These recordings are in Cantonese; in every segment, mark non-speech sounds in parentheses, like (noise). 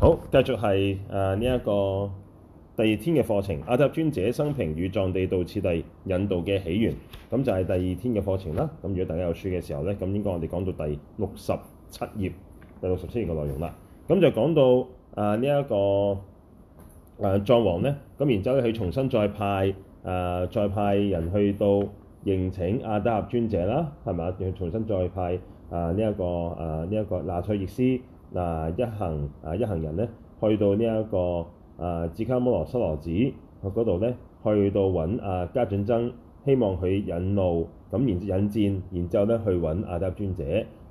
好，繼續係誒呢一個第二天嘅課程，阿底峽尊者生平與藏地道次第引導嘅起源，咁就係第二天嘅課程啦。咁如果大家有書嘅時候咧，咁應該我哋講到第六十七頁、第六十七頁嘅內容啦。咁就講到誒、呃這個呃、呢一個誒藏王咧，咁然之後咧，佢重新再派誒、呃、再派人去到認請阿底峽尊者啦，係咪？要重新再派誒呢一個誒呢一個那錯譯師。嗱、啊、一行啊一行人咧，去到、這個啊、卡羅羅呢一個啊芝加摩羅塞羅寺嗰度咧，去到揾、啊、加俊僧，希望佢引路咁，然之引薦，然之後咧去揾阿底尊者。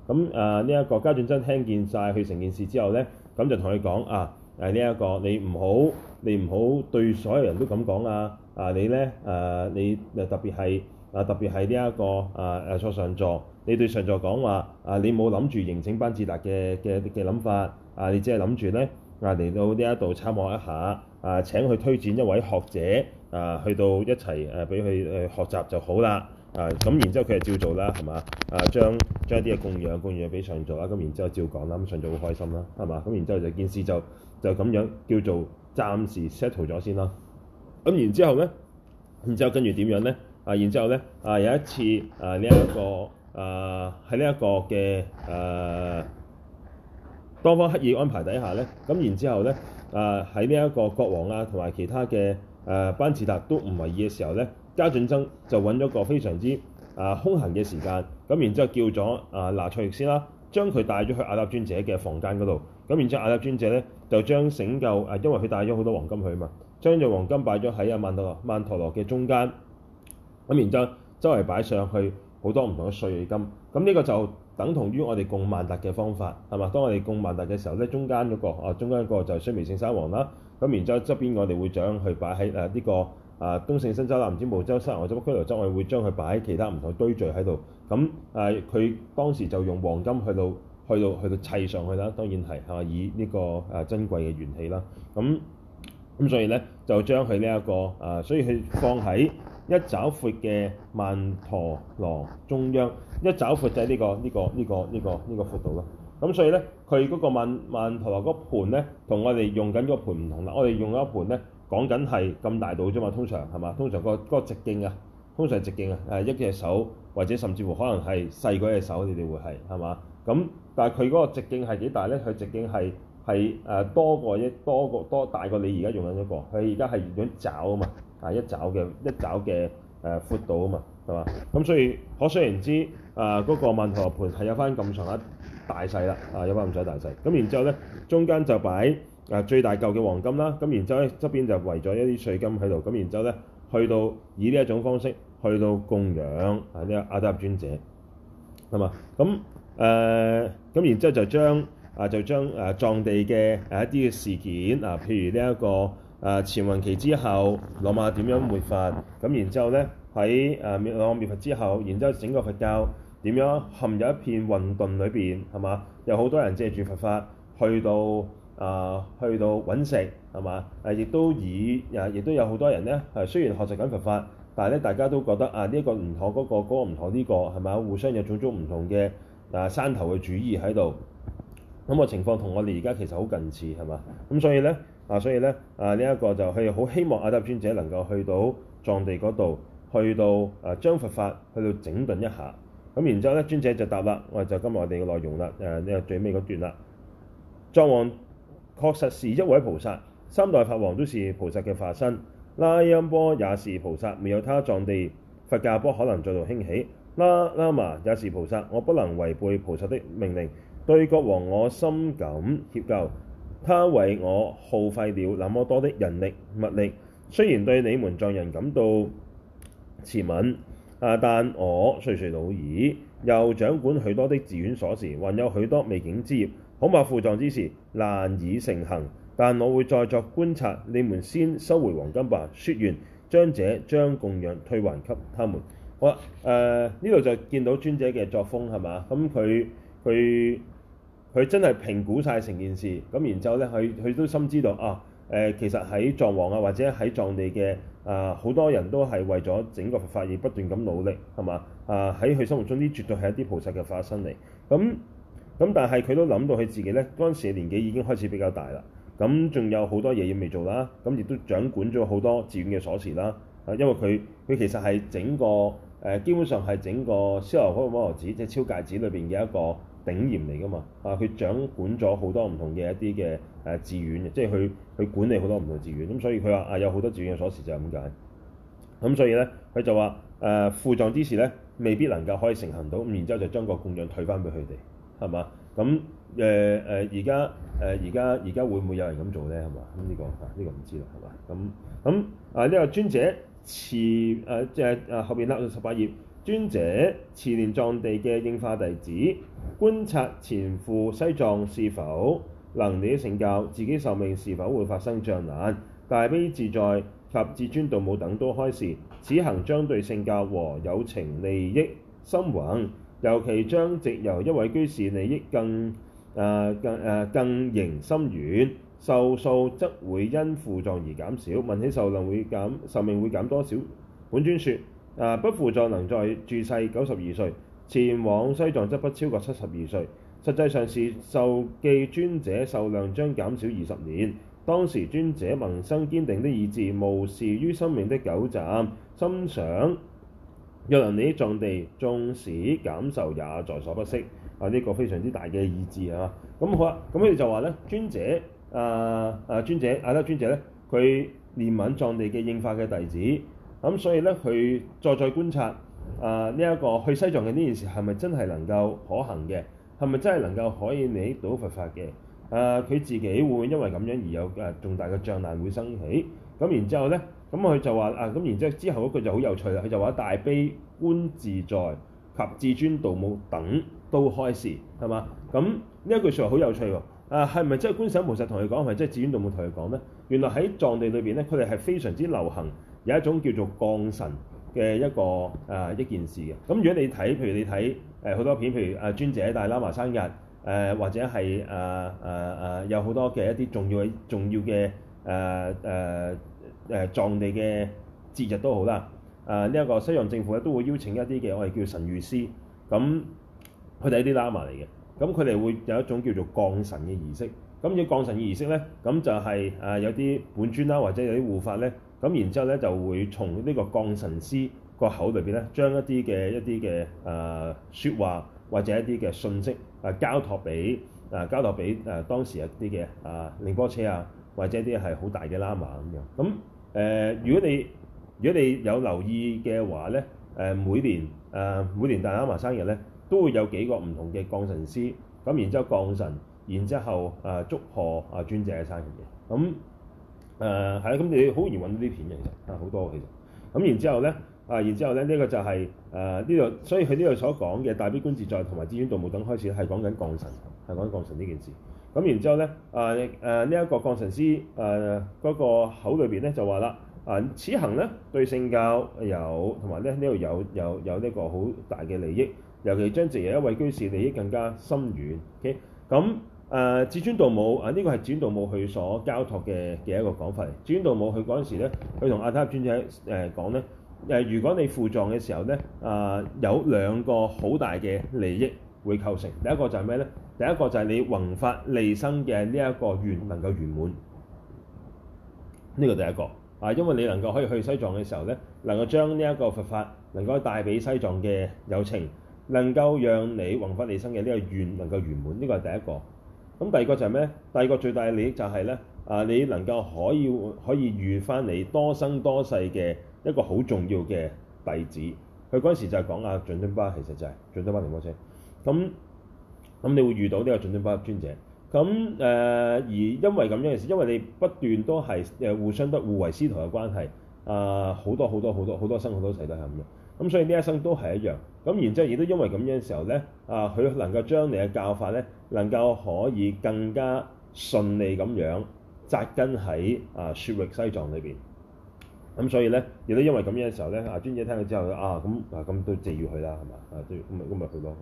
咁啊呢一、啊這個加俊僧聽見晒，佢成件事之後咧，咁就同佢講啊，呢、啊、一、啊這個你唔好你唔好對所有人都咁講啊！啊你咧、啊你，啊、你特別係。特是這個、啊！特別係呢一個啊啊！坐上座，你對上座講話啊，你冇諗住迎請班智達嘅嘅嘅諗法啊，你只係諗住咧啊嚟到呢一度參望一下啊，請佢推薦一位學者啊，去到一齊誒俾佢去學習就好啦啊！咁然之後佢就照做啦，係嘛啊？將將一啲嘅供養供養俾上座啦。咁然之後照講啦，咁上座好開心啦，係嘛？咁然之後就件事就就咁樣叫做暫時 settle 咗先啦。咁然之後咧，然之後跟住點樣咧？啊！然之後咧，啊有一次啊，呢、啊、一個啊喺呢一個嘅啊，多方刻意安排底下咧，咁、啊、然之後咧啊喺呢一個國王啊同埋其他嘅啊班次達都唔為意嘅時候咧，加俊增就揾咗個非常之啊空閒嘅時間，咁、啊、然之後叫咗啊那錯譯師先啦，將佢帶咗去阿達尊者嘅房間嗰度，咁、啊、然之後阿達尊者咧就將醒救啊，因為佢帶咗好多黃金去嘛，將啲黃金擺咗喺啊曼陀曼陀羅嘅中間。咁然之後，周圍擺上去好多唔同嘅碎金，咁呢個就等同於我哋供曼達嘅方法，係嘛？當我哋供曼達嘅時候咧，中間嗰個啊，中間嗰個就係須彌山王啦。咁、啊、然之後側邊我哋會將佢擺喺誒呢個啊東勝身洲啦，唔、啊、知梅州沙河或者俱盧洲，我們會將佢擺喺其他唔同堆聚喺度。咁、啊、誒，佢當時就用黃金去到去到去到砌上去啦。當然係係以，這個啊啊、以呢、這個啊珍貴嘅元氣啦。咁咁所以咧就將佢呢一個啊，所以佢放喺一爪闊嘅曼陀羅中央，一爪闊就係呢個呢個呢個呢個呢個闊度咯。咁所以咧，佢嗰個曼曼陀羅嗰盤咧，同我哋用緊嗰盤唔同啦。我哋用嗰盤咧，講緊係咁大度啫嘛。通常係嘛？通常個嗰個直徑啊，通常直徑啊，誒一隻手，或者甚至乎可能係細過隻手，你哋會係係嘛？咁但係佢嗰個直徑係幾大咧？佢直徑係係誒多過一多過多大過你而家用緊一個。佢而家係用爪啊嘛。啊！一爪嘅一爪嘅闊度啊嘛，係嘛？咁所以可想而知，誒、呃、嗰、那個曼陀羅盤係有翻咁長一大細啦，啊有翻咁長大細。咁然之後咧，中間就擺最大嚿嘅黃金啦。咁然之後咧，側邊就圍咗一啲碎金喺度。咁然之後咧，去到以呢一種方式去到供養啊啲阿底峽尊者，係嘛？咁咁、呃、然之後就將啊就將藏、啊、地嘅一啲嘅事件啊，譬如呢、這、一個。誒前弘期之後，朗達瑪點樣滅佛？咁然之後咧，喺誒滅羅漢滅佛之後，然之後整個佛教點樣陷入一片混沌裏邊？係嘛？有好多人借住佛法去到誒、啊、去到揾食，係嘛？誒亦都以誒亦、啊、都有好多人咧誒，雖然學習緊佛法，但係咧大家都覺得啊呢、呢個唔妥、嗰個，嗰、嗰個嗰、嗰個唔妥，呢個係嘛？互相有種種唔同嘅誒、啊、山頭嘅主義喺度。咁、那個情況同我哋而家其實好近似，係嘛？咁所以咧。啊，所以咧，啊呢一、這個就係好希望阿達尊者能夠去到藏地嗰度，去到啊將佛法去到整頓一下。咁然之後咧，尊者就答啦，我就今日我哋嘅內容啦，誒、啊、呢、這個最尾嗰段啦。藏王確實是一位菩薩，三代法王都是菩薩嘅化身，拉音波也是菩薩，沒有他藏地，佛教波可能再度興起。拉喇嘛也是菩薩，我不能違背菩薩的命令，對國王我深感歉疚。他為我耗費了那麼多的人力物力，雖然對你們藏人感到慈憫，啊，但我垂垂老矣，又掌管許多的寺院鑰匙，還有許多未竟之業，恐怕赴藏之時難以成行。但我會再作觀察，你們先收回黃金吧。說完，尊者將供養退還給他們。好、啊。好、呃、啦，呢度就見到尊者嘅作風係嘛？咁佢佢。嗯他他佢真係評估晒成件事，咁然之後咧，佢佢都深知道啊、呃，其實喺藏王啊，或者喺藏地嘅啊，好、呃、多人都係為咗整個佛法而不斷咁努力，係嘛啊？喺佢心目中呢，絕對係一啲菩薩嘅化身嚟。咁、嗯、咁、嗯，但係佢都諗到佢自己咧，當時年紀已經開始比較大啦，咁、嗯、仲有好多嘢要未做啦，咁、嗯、亦都掌管咗好多寺院嘅鎖匙啦。啊，因為佢佢其實係整個、呃、基本上係整個《逍來佛摩羅寺》即係《超戒寺》裏面嘅一個。經驗嚟噶嘛？啊，佢掌管咗好多唔同嘅一啲嘅、啊、寺院，願，即係去去管理好多唔同寺院。咁所以佢話啊，有好多寺院嘅鎖匙就係咁解。咁所以咧，佢就話誒，赴、啊、藏之時咧，未必能夠可以成行到。咁然之後就將個供養退翻俾佢哋，係嘛？咁而家而家而家會唔會有人咁做咧？係嘛？咁呢、呢個呢唔、啊呢個、知啦，係嘛？咁咁啊呢、啊呢個尊者即係、啊啊、後面嗰十八頁。尊者慈念藏地嘅應化弟子，觀察前赴西藏是否能利聖教，自己壽命是否會發生障難，大悲自在及至尊度母等都開示，此行將對聖教和有情利益深宏，尤其將藉由一位居士利益更誒誒、呃、更形深遠，壽數則會因赴藏而減少。問起壽量會減壽命會減多少，本尊說。啊！不赴藏能在住世九十二歲，前往西藏則不超過七十二歲。實際上是授記尊者壽量將減少二十年。當時尊者萌生堅定的意志，無視於生命的久暫，心想：若能喺藏地，縱使減壽也在所不惜。啊！呢、這個非常之大嘅意志啊！咁好啦、啊，咁佢就話咧，尊者啊，啊尊者啊，啦尊者咧，佢念聞藏地嘅應化嘅弟子。咁所以咧，佢再再觀察啊呢一個去西藏嘅呢件事係咪真係能夠可行嘅？係咪真係能夠可以利益到佛法嘅？誒、呃，佢自己會唔會因為咁樣而有誒重大嘅障難會生起？咁然之後咧，咁佢就話啊，咁然之後之後嗰句就好有趣啦。佢就話大悲觀自在及至尊度母等都開示係嘛？咁呢一句説話好有趣喎、哦！啊，係咪即係觀世菩薩同佢講，係咪即係至尊度母同佢講咧？原來喺藏地裏邊咧，佢哋係非常之流行。有一種叫做降神嘅一個啊一件事嘅。咁如果你睇，譬如你睇誒好多片，譬如啊尊者大喇嘛生日，誒、啊、或者係啊啊啊有好多嘅一啲重要嘅重要嘅誒誒誒藏地嘅節日都好啦。啊呢一、這個西藏政府咧都會邀請一啲嘅我哋叫神諭師，咁佢哋係啲喇嘛嚟嘅。咁佢哋會有一種叫做降神嘅儀式。咁如果降神嘅儀式咧，咁就係啊有啲本尊啦，或者有啲護法咧。咁然之後咧，就會從呢個降神師個口裏邊咧，將一啲嘅一啲嘅誒説話或者一啲嘅信息啊交託俾啊交託俾誒當時一啲嘅啊仁波切啊或者一啲係好大嘅喇嘛咁樣。咁誒、呃，如果你如果你有留意嘅話咧，誒、呃、每年誒、呃、每年大喇嘛生日咧，都會有幾個唔同嘅降神師，咁然之後降神，然之後誒祝賀阿尊者嘅生日嘅。咁誒係啦，咁你好容易揾到啲片嘅，其實好多嘅，其實咁然之後咧，啊然之後咧，呢、這個就係誒呢度，所以佢呢度所講嘅大悲觀自在同埋至尊度母等開始係講緊降神，係講緊降神呢件事。咁、嗯、然之後咧，啊呢一個降神師誒嗰、呃那個口裏面咧就話啦，啊、呃、此行咧對聖教有同埋咧呢度有有有呢有有有個好大嘅利益，尤其將自己一位居士利益更加深遠。O K，咁。誒、啊、至尊度母啊！呢個係至尊度母佢所交託嘅嘅一個講法。至尊度母佢嗰陣時咧，佢同阿塔尊者誒講咧誒，如果你赴藏嘅時候咧，啊有兩個好大嘅利益會構成。第一個就係咩咧？第一個就係你宏法利生嘅呢一個願能夠圓滿。呢、這個第一個啊，因為你能夠可以去西藏嘅時候咧，能夠將呢一個佛法能夠帶俾西藏嘅有情，能夠讓你宏法利生嘅呢個願能夠圓滿。呢、這個係第一個。咁第二個就係咩？第二個最大嘅利益就係咧啊！你能夠可以可以遇翻你多生多世嘅一個好重要嘅弟子。佢嗰陣時就係講啊，仲敦巴其實就係仲敦巴仁波切。咁咁你會遇到呢個仲敦巴尊者。咁誒、呃、而因為咁樣嘅事，因為你不斷都係誒互相得互為師徒嘅關係啊，好、呃、多好多好多好多生好多世都係咁嘅。咁所以呢一生都係一樣，咁然之後亦都因為咁樣嘅時候咧，啊佢能夠將你嘅教法咧，能夠可以更加順利咁樣扎根喺啊雪域西藏裏邊。咁、啊、所以咧，亦都因為咁樣嘅時候咧，阿尊者聽咗之後咧，啊咁啊咁都借要佢啦，係嘛？啊都咁咪咁咪去咯。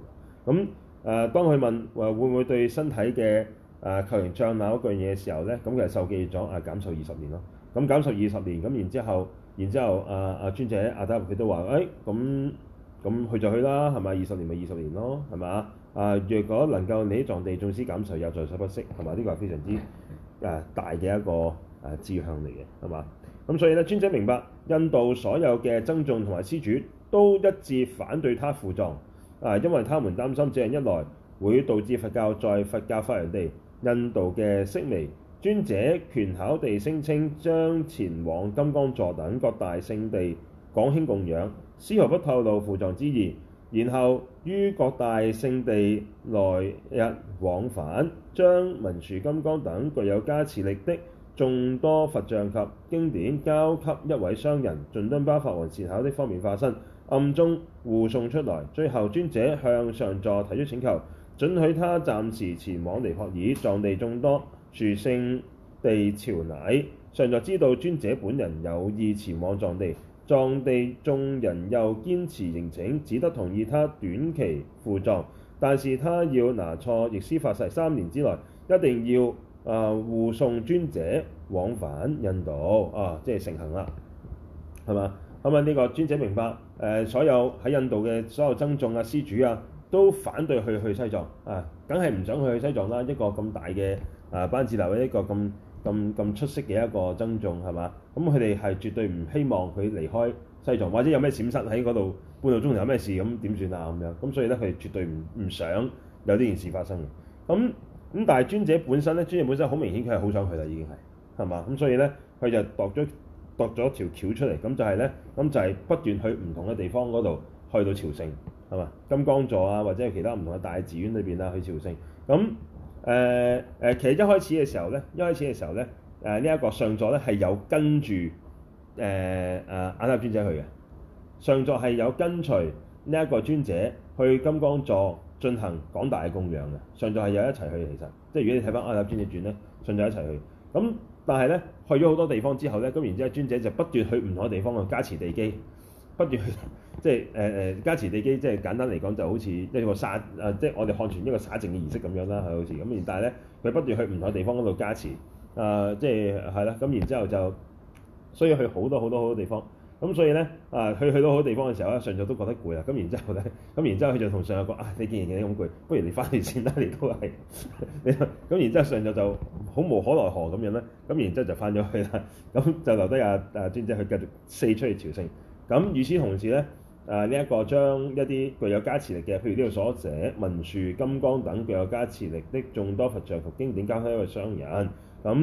咁誒、啊、當佢問話、啊、會唔會對身體嘅誒求障礙嗰樣嘢嘅時候咧，咁佢係受記咗，啊減壽二十年咯。咁減壽二十年，咁然之後。然之後，阿、啊、阿、啊啊、尊者阿達佢都話：誒，咁、哎、咁、嗯嗯嗯嗯嗯、去就去啦，係咪？二十年咪二十年咯，係咪？啊，若果能夠你藏地，縱使減壽，又在所不惜，係咪？呢、這個係非常之、啊、大嘅一個誒志、啊、向嚟嘅，係嘛？咁、嗯、所以咧，尊者明白，印度所有嘅僧眾同埋施主都一致反對他赴藏，啊，因為他們擔心這樣一來會導致佛教在佛教發源地印度嘅式微。尊者權巧地聲稱將前往金剛座等各大聖地廣興供養，絲毫不透露赴藏之意。然後於各大聖地來日往返，將文殊、金剛等具有加持力的眾多佛像及經典交給一位商人仲敦巴法王善巧的方便化身，暗中護送出來。最後，尊者向上座提出請求，准許他暫時前往尼泊爾藏地眾多。殊勝地朝禮，上座知道尊者本人有意前往藏地，藏地眾人又堅持迎請，只得同意他短期赴藏，但是他要那錯譯師發誓三年之內一定要啊、呃、護送尊者往返印度啊，即係成行啦，係嘛？咁啊呢個尊者明白，呃、所有喺印度嘅所有僧眾啊、施主啊，都反對去去西藏啊，梗係唔想去西藏啦，一個咁大嘅。啊！班子留嘅一個咁咁咁出色嘅一個僧眾係嘛？咁佢哋係絕對唔希望佢離開西藏，或者有咩閃失喺嗰度，半路中有咩事咁點算啊？咁樣咁所以咧，佢哋絕對唔唔想有呢件事發生嘅。咁咁但係尊者本身咧，尊者本身好明顯佢係好想去啦，已經係係嘛？咁所以咧，佢就度咗度咗條橋出嚟，咁就係咧，咁就係不斷去唔同嘅地方嗰度去到朝聖係嘛？金剛座啊，或者係其他唔同嘅大寺院裏邊啊，去朝聖咁。誒、呃、誒，其實一開始嘅時候咧，一開始嘅時候咧，誒呢一個上座咧係有跟住誒誒阿底峽尊者去嘅，上座係有跟隨呢一個尊者去金剛座進行廣大嘅供養嘅，上座係有一齊去，嘅，其實，即係如果你睇翻《阿底峽尊者傳》咧，上座一齊去。咁但係咧，去咗好多地方之後咧，咁然之後尊者就不斷去唔同嘅地方去加持地基。不斷去即係誒誒加持地基，即係簡單嚟講就好似一個灑啊，即係我哋看住一個灑淨嘅儀式咁樣啦，係好似咁、呃。然但係咧，佢不斷去唔同嘅地方嗰度加持啊，即係係啦。咁然之後就需要去好多好多好多地方。咁所以咧啊，去去到好多地方嘅時候咧，上座都覺得攰啦。咁然之後咧，咁然之後佢就同上座講：啊，你見唔咁攰？不如你翻嚟先啦。」你都係咁。 (laughs) 然之後上座就好無可奈何咁樣啦。咁然之後就翻咗去啦。咁就留低阿阿尊者去繼續四出嚟朝聖。咁與此同時咧，呢、啊、一、呢個將一啲具有加持力嘅，譬如呢個所寫文殊、金剛等具有加持力的眾多佛像同經典交給一個商人，咁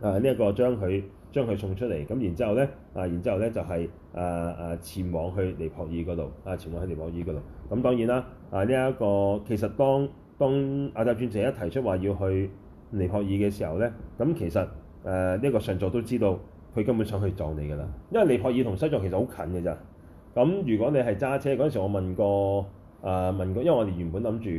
呢一個將佢將佢送出嚟，咁然之後咧，啊然之後咧就係、是、誒、啊啊、前往去尼泊爾嗰度，啊前往去尼泊爾嗰度。咁當然啦，啊呢一、呢個其實當當阿底峽尊者一提出話要去尼泊爾嘅時候咧，咁其實誒呢、啊呢個上座都知道。佢根本想去撞你㗎啦，因為尼泊爾同西藏其實好近㗎咋！咁如果你係揸車嗰陣時，我問過誒、啊、問過，因為我哋原本諗住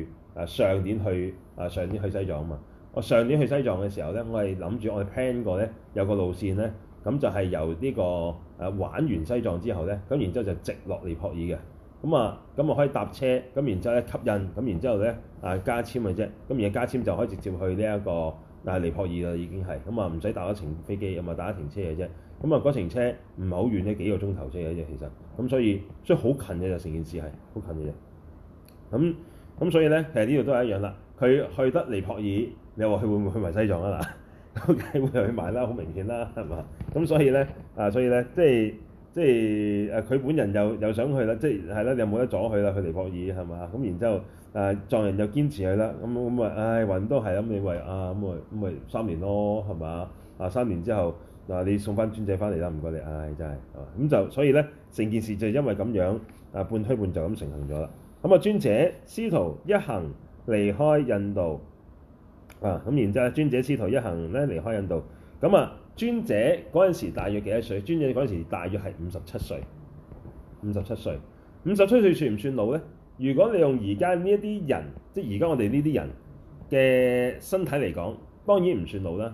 誒上年去誒、啊、上年去西藏啊嘛。我上年去西藏嘅時候咧，我係諗住我係 plan 過咧有個路線咧，咁就係由呢、這個誒、啊、玩完西藏之後咧，咁然之後就直落尼泊爾嘅。咁啊咁啊可以搭車，咁然之後咧吸引，咁然之後咧啊加簽嘅啫。咁而家加簽就可以直接去呢、這、一個。但係尼泊爾啦已經係，咁啊唔使搭一程飛機，咁啊搭一程車嘅啫。咁啊嗰程車唔係好遠咧，幾個鐘頭車嘅啫其實。咁所以所以好近嘅，就成件事係好近嘅啫。咁咁所以咧其實呢度都係一樣啦。佢去得尼泊爾，你話佢會唔會去埋西藏啊嗱？梗 (laughs) 係會去埋啦，好明顯啦，係嘛？咁、嗯、所以咧啊，所以咧即係即係誒佢本人又又想去啦，即係係啦，你又冇得阻佢啦，去尼泊爾係嘛？咁、嗯、然之後。誒、啊、藏人又堅持佢啦，咁咁咪，唉運都係咁，哎、是是你為啊咁咪咁咪三年咯，係嘛？啊三年之後嗱、啊，你送翻尊者翻嚟啦，唔該你，唉、哎、真係，啊咁就所以咧，成件事就因為咁樣啊半推半就咁成行咗啦。咁啊，尊者師徒一行離開印度啊，咁然之後，尊者師徒一行咧離開印度。咁啊，尊者嗰陣時大約幾多歲？尊者嗰陣時大約係五十七歲，五十七歲，五十七歲算唔算老咧？如果你用而家呢一啲人，即係而家我哋呢啲人嘅身體嚟講，當然唔算老啦。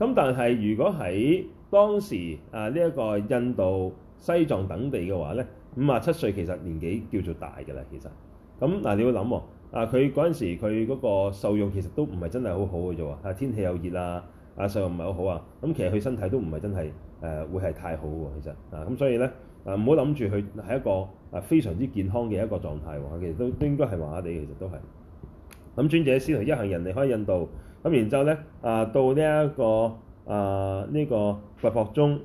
咁但係如果喺當時啊呢一個印度、西藏等地嘅話咧，五十七歲其實年紀叫做大嘅啦。其實咁嗱，你會諗喎，啊佢嗰陣時佢嗰個受用其實都唔係真係好好嘅啫喎。啊，天氣又熱啊，啊受用唔係好好啊。咁其實佢身體都唔係真係誒、呃、會係太好喎。其實啊咁，所以咧啊唔好諗住佢係一個。啊，非常之健康嘅一個狀態其實都應該係麻麻地，其實都係。咁尊者師徒一行人離開印度，咁然之後咧，啊到呢、這、一個啊呢、這個跋薄宗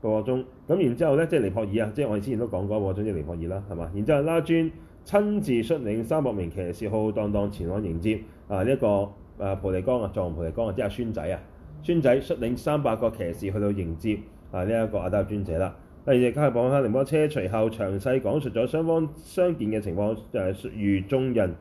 個宗，咁然之後咧，即係尼泊爾啊、這個、啊，啊，啊，即係我哋之前都講過嗰個尊者尼泊爾啦，係嘛？然之後拉尊親自率領三百名騎士浩浩蕩蕩前往迎接啊呢一個啊菩提光啊，藏菩提光啊，即係孫仔啊，孫仔率領三百個騎士去到迎接啊呢一、這個阿達尊者啦。啊第二日佢係訪問帕繃喀仁波切，隨後詳細講述咗雙方相見嘅情況。誒如眾人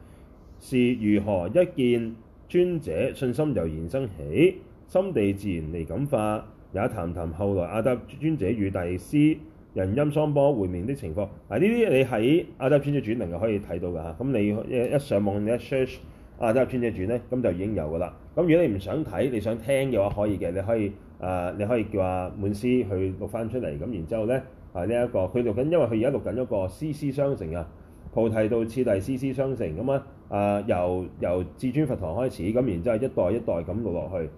是如何一見尊者，信心油然生起，心地自然嚟感化。也談談後來阿德尊者與大譯師仁欽桑波會面的情況。嗱，呢啲你喺《阿德尊者傳》能夠可以睇到嘅嚇。咁你一上網，你 search《阿德尊者傳》咧，咁就已經有嘅啦。咁如果你唔想睇，你想聽嘅話，可以嘅，你可以。誒、啊，你可以叫阿滿師去錄翻出嚟，咁然之後咧，係呢一個佢錄緊，因為佢而家錄緊一個師師相承啊，菩提道次第師師相承，咁咧誒由由至尊佛堂開始，咁然之後一代一代咁錄落去，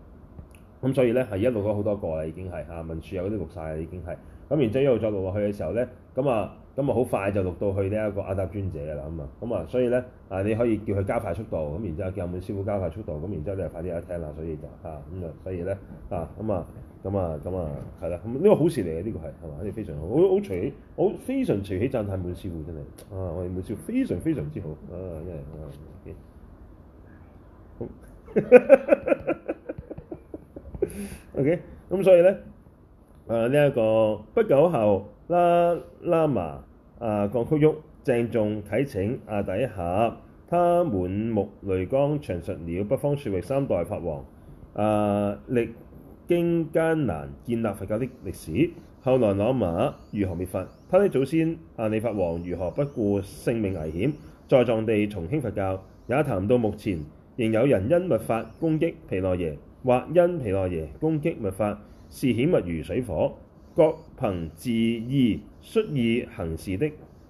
咁所以咧係一路錄咗好多個啦，已經係嚇文殊有啲錄晒啦，已經係，咁然之後一路再錄落去嘅時候咧，咁啊～咁啊，好快就錄到去呢一個阿達尊者嘅啦，咁啊，咁啊，所以咧啊，你可以叫佢加快速度，咁然之後叫阿滿師傅加快速度，咁然之後你就快啲有聽啦，所以就啊，咁啊，所以咧啊，咁啊，咁啊，係啦，呢個好事嚟嘅，呢、這個係係嘛，呢啲非常好，好我隨喜，我非常隨喜讚歎滿師傅真係，啊，我哋滿師傅非常非常之好，啊，因、yeah, 為、okay. 好 (laughs) ，OK，咁所以咧，啊，呢、這、一個不久後，拉。拉喇嘛。啊，絳曲沃鄭重啟請阿底峽。一下他滿目淚光，詳述了北方雪域三代法王啊歷經艱難建立佛教的歷史。後來朗達瑪如何滅法？他的祖先阿里、啊、法王如何不顧性命危險，在藏地重興佛教？也談到目前仍有人因密法攻擊毘奈耶，或因毘奈耶攻擊密法，視顯密如水火，各憑自意、率意行事的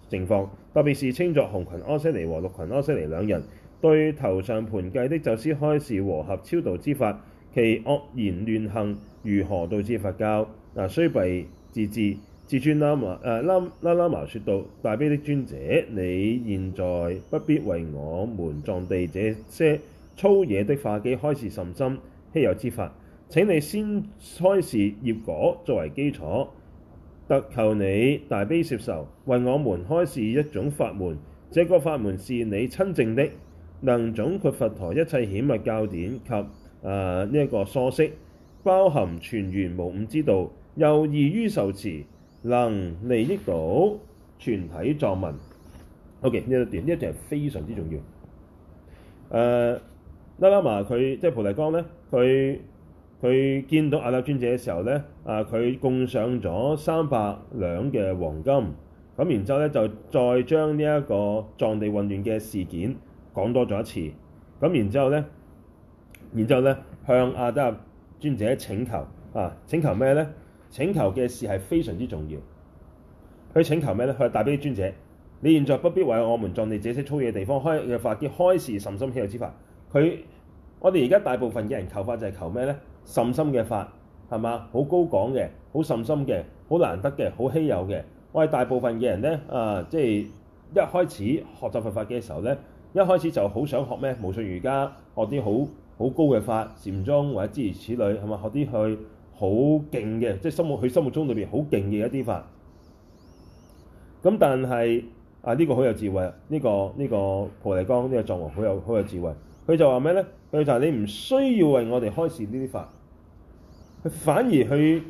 情況，特別是稱作紅裙阿闍黎和綠裙阿闍黎兩人對頭上盤髻的咒師開示和合超度之法，其惡言亂行如何導致佛教？嗱，須被自知自尊喇嘛誒喇喇喇嘛說道：大悲的尊者，你現在不必為我們藏地這些粗野的化機開示甚深稀有之法。請你先開示業果作為基礎，特求你大悲攝受，為我們開示一種法門。這個法門是你親證的，能總括佛陀一切顯密教典及啊呢一個疏釋，包含全圓無誤之道，又易於受持，能利益到全體藏民。OK 呢一段這一定係非常之重要。誒、呃，拉喇嘛佢即係菩提光咧，佢。佢見到阿底峽尊者嘅時候咧，啊佢供上咗三百兩嘅黃金，咁然之後咧就再將呢一個藏地混亂嘅事件講多咗一次，咁然之後咧，然之後咧向阿底峽尊者請求啊，請求咩咧？請求嘅事係非常之重要。佢請求咩咧？佢話大悲尊者，你現在不必為我們藏地這些粗野地方開嘅化機開示甚深希有之法。佢，我哋而家大部分嘅人求法就係求咩咧？甚深嘅法係嘛，好高講嘅，好甚深嘅，好難得嘅，好稀有嘅。我哋大部分嘅人咧，啊、呃，即係一開始學習佛法嘅時候咧，一開始就好想學咩？無上瑜伽，學啲好好高嘅法，禪宗或者諸如此類係咪？學啲去好勁嘅，即係心目佢心目中裏邊好勁嘅一啲法。咁但係啊，呢個好有智慧，呢個呢個菩提光呢個藏王好有好有智慧。佢就話咩咧？佢就話你唔需要為我哋開示呢啲法。反而去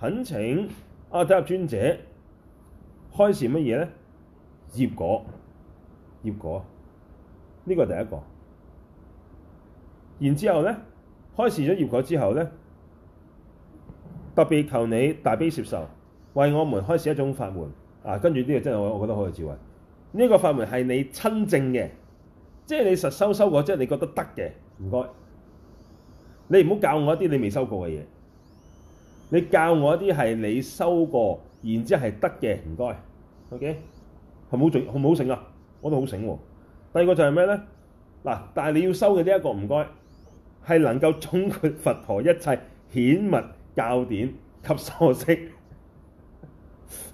懇請阿底峽尊者開示乜嘢咧？業果，業果，呢個係第一個。然之後咧，開示咗業果之後咧，特別求你大悲攝受，為我們開示一種法門啊！跟住呢個真係我我覺得好有智慧。呢、這個法門係你親證嘅，即係你實修修過，即係你覺得得嘅，唔該。你唔好教我一啲你未修過嘅嘢。你教我一啲係你修過，然之後係得嘅，唔該。O K，係唔好做，係唔好醒啊！我都好醒。第二個就係咩咧？嗱，但係你要修嘅呢一個唔該，係能夠總括佛陀一切顯密、教典及註釋。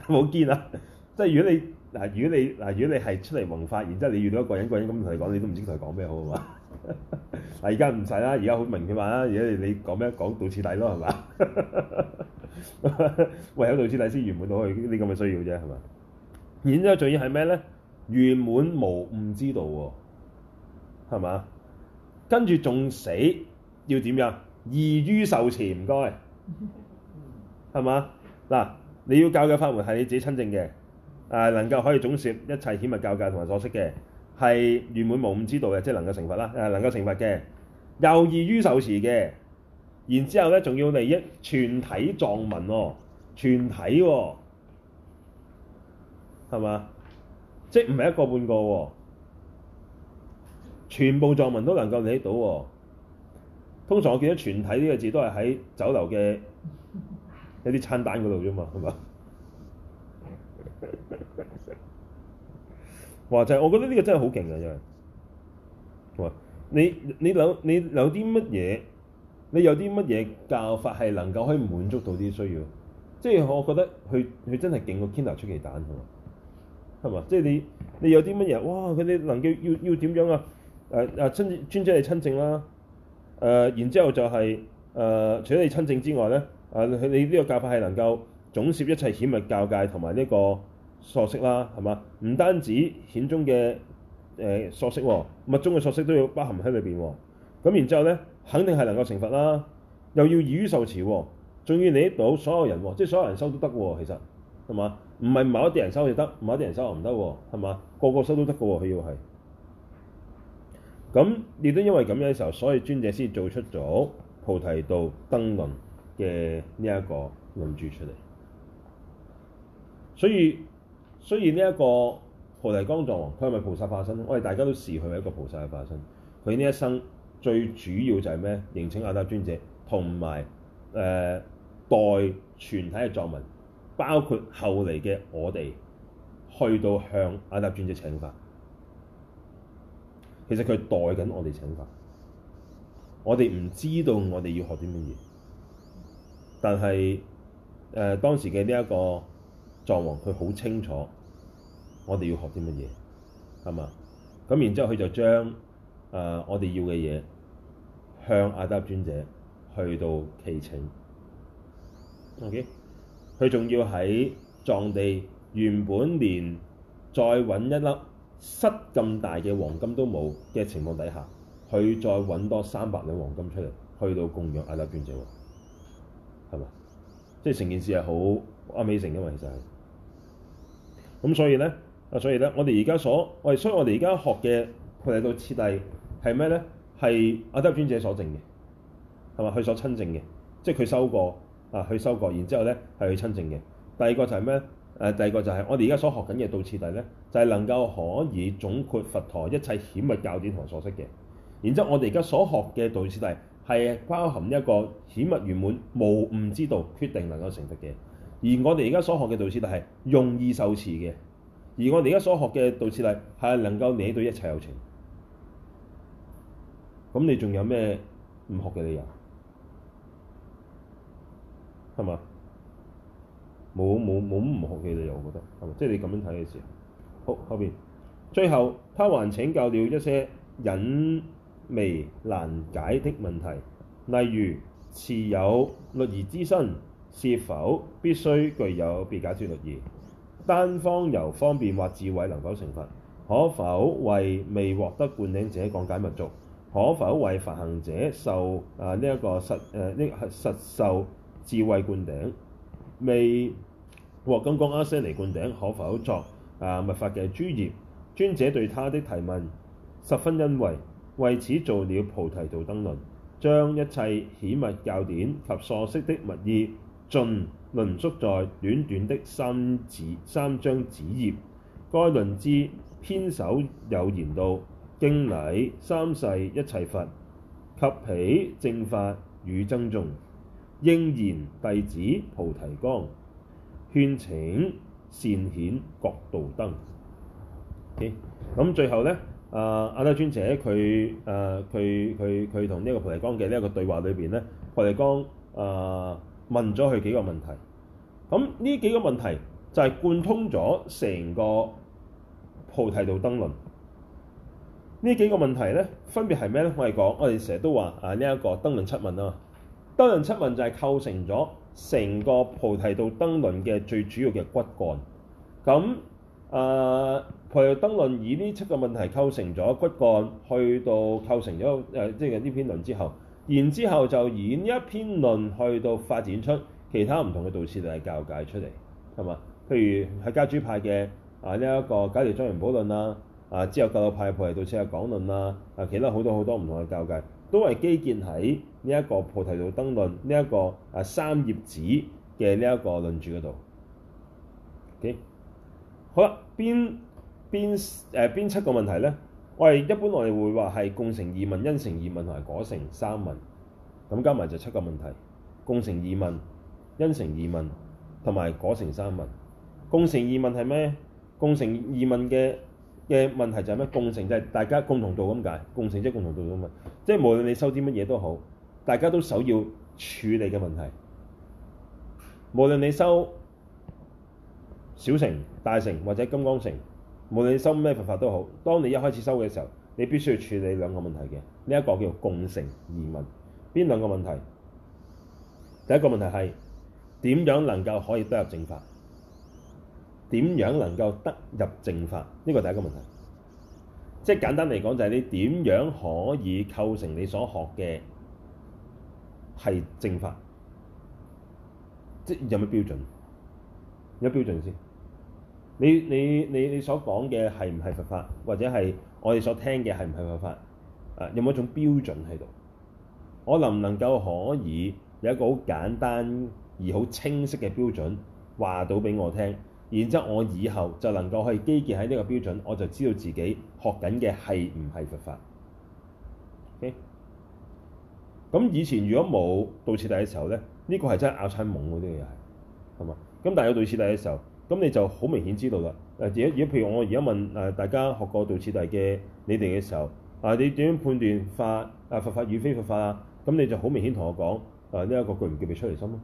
冇 (laughs) 見啊！即係如果你嗱，如果你嗱，如果你係出嚟弘法，然之後你遇到一個人、一個人咁同你講，你都唔知同佢講咩好啊！好嗱， (laughs) 而家唔使啦，而家好明顯話啦。而家 (laughs) 你講咩講到次底講道次第咯，係嘛？喂，喺道次第先圓滿到去呢咁嘅需要啫，係嘛？然之後最要係咩咧？圓滿無誤之道喎，係嘛？跟住仲死要點樣？易於受持唔該，係嘛？嗱，你要教嘅法門係你自己親證嘅，誒能夠可以總攝一切顯密教教同埋所識嘅。係圓滿無誤之道嘅，即係能夠成佛啦，誒、呃、能夠成佛嘅，易於修持嘅，然之後咧仲要利益全體藏民喎，全體喎、哦，係嘛？即係唔係一個半個喎、哦，全部藏民都能夠利益到喎、哦。通常我見到「全體」呢個字都係喺酒樓嘅一啲餐單嗰度啫嘛，係嘛？ (laughs) 話就係、是，我覺得呢個真係好勁嘅，因為你你有你有啲乜嘢？你有啲乜嘢教法係能夠可以滿足到啲需要？即、就、係、是、我覺得佢佢真係勁過 Kinder 出奇蛋，係嘛？係、就、嘛、是？即係你你有啲乜嘢？哇！佢哋能夠要要點樣啊？誒、啊、誒、啊，親專即係親證啦、啊。誒、啊，然之後就係、是、誒、啊，除咗你親證之外咧，誒、啊、佢你呢個教法係能夠總攝一切顯密教界同埋呢個。註釋啦，係嘛？唔單止顯宗嘅誒註釋喎，密宗嘅註釋都要包含喺裏邊喎。咁然之後咧，肯定係能夠成佛啦。又要易於受持喎，仲要你到所有人，即係所有人收都得喎。其實係嘛？唔係某一啲人收就得，某一啲人收又唔得喎。係嘛？個個收都得嘅喎，佢要係。咁你都因為咁樣嘅時候，所以尊者先做出咗菩提道燈論嘅呢一個論著出嚟。所以。雖然呢一個菩提光藏王，佢係咪菩薩化身咧？我哋大家都視佢係一個菩薩嘅化身。佢呢一生最主要就係咩？迎請阿達尊者，同埋誒代全體嘅藏民，包括後嚟嘅我哋，去到向阿達尊者請法。其實佢代緊我哋請法。我哋唔知道我哋要學啲乜嘢，但係誒、呃、當時嘅呢一個藏王，佢好清楚。我哋要學啲乜嘢，係嘛？咁然之後佢就將誒我哋要嘅嘢向阿底峽尊者去到祈請。OK，佢仲要喺藏地原本連再揾一粒塞咁大嘅黃金都冇嘅情況底下，佢再揾多三百兩黃金出嚟，去到供養阿底峽尊者喎，係嘛？即係成件事係好 Amazing 嘅嘛，其實係。咁所以咧。啊，所以咧，我哋而家所我哋，所以我哋而家學嘅菩提道次第係咩咧？係阿德尊者所，所證嘅，係嘛？佢所親證嘅，即係佢修過啊，佢修過，然之後咧係佢親證嘅。第二個就係咩？誒、啊，第二個就係我哋而家所學緊嘅道次第咧，就係、是、能夠可以總括佛陀一切顯密教典同註釋嘅。然之後我哋而家所學嘅道次第係包含一個顯密圓滿無誤之道，決定能夠成佛嘅。而我哋而家所學嘅道次第係用意修持嘅。而我哋而家所學嘅道次第係能夠你對一切有情，咁你仲有咩唔學嘅理由？係嘛？冇冇冇唔學嘅理由，我覺得係嘛？即係、就是、你咁樣睇嘅時候，好後邊。最後，他還請教了一些隱微難解的問題，例如持有律儀之身是否必須具有別解脫律儀？單方由方便或智慧能否成佛？可否為未獲得灌頂者講解密續？可否為梵行者受啊呢一、這個實誒呢係實受智慧灌頂？未獲金剛阿闍黎灌頂可否作啊密法嘅諸業？尊者對他的提問十分欣慰，為此造了菩提道燈論，將一切顯密教典及所釋的密意盡。論縮在短短的三紙三張紙頁，該論之篇首有言道：敬禮三世一切佛，及彼正法與眾僧，應賢弟子菩提光，勸請善顯覺道燈。咁、okay。最後咧，阿、啊、阿尊者佢誒佢佢佢同呢一個菩提光嘅呢一個對話裏邊咧，菩提光誒、啊、問咗佢幾個問題。咁呢幾個問題就係貫通咗成個菩提道燈論。呢幾個問題咧，分別係咩咧？我哋講，我哋成日都話啊，呢一個燈論七問啊，燈論七問就係構成咗成個菩提道燈論嘅最主要嘅骨幹。咁、呃、啊，菩提燈論以呢七個問題構成咗骨幹，去到構成咗誒、呃、即係呢篇論之後，然之後就以呢一篇論去到發展出其他唔同嘅道次就係教界出嚟，係嘛？譬如喺噶舉派嘅啊呢一個《解脫莊嚴寶論》啦，啊之後教道派菩提道次嘅《廣論》啦，啊其他好多好多唔同嘅教界都係基建喺呢一個《菩提道燈論》呢、這、一個啊三頁紙嘅呢一個論著嗰度。Okay? 好啦，邊邊誒邊七個問題咧？我哋一般我哋會話係共成二問、因成二問同埋果成三問咁加埋就七個問題。共成二問。因乘二問同埋果乘三問，共乘二問係咩？共乘二問嘅嘅問題就係咩？共乘就係大家共同度咁解，共乘即係共同度咁問，即係無論你修啲乜嘢都好，大家都首要處理嘅問題。無論你修小乘、大乘或者金剛乘，無論你修咩佛法都好，當你一開始修嘅時候，你必須要處理兩個問題嘅。呢、這、一個叫做共乘二問，邊兩個問題？第一個問題係。點樣能夠可以得入正法？點樣能夠得入正法？呢個第一個問題，即係簡單嚟講，就係你點樣可以構成你所學嘅係正法？即有咩標準？有標準先。你你你你所講嘅係唔係佛法，或者係我哋所聽嘅係唔係佛法？誒，有冇一種標準喺度？我能唔能夠可以有一個好簡單？而好清晰嘅標準話到俾我聽，然之後我以後就能夠去基建喺呢個標準，我就知道自己學緊嘅係唔係佛法。咁、okay? 以前如果冇道次第嘅時候咧，呢個係真係拗晒懵嗰啲嘅，係係嘛？咁但係有道次第嘅時候，咁、這個、你就好明顯知道啦。誒，如果如果譬如我而家問誒大家學過道次第嘅你哋嘅時候，啊，你點樣判斷法啊？佛法與非佛法啊？咁你就好明顯同我講誒呢一個具唔具備出離心咯。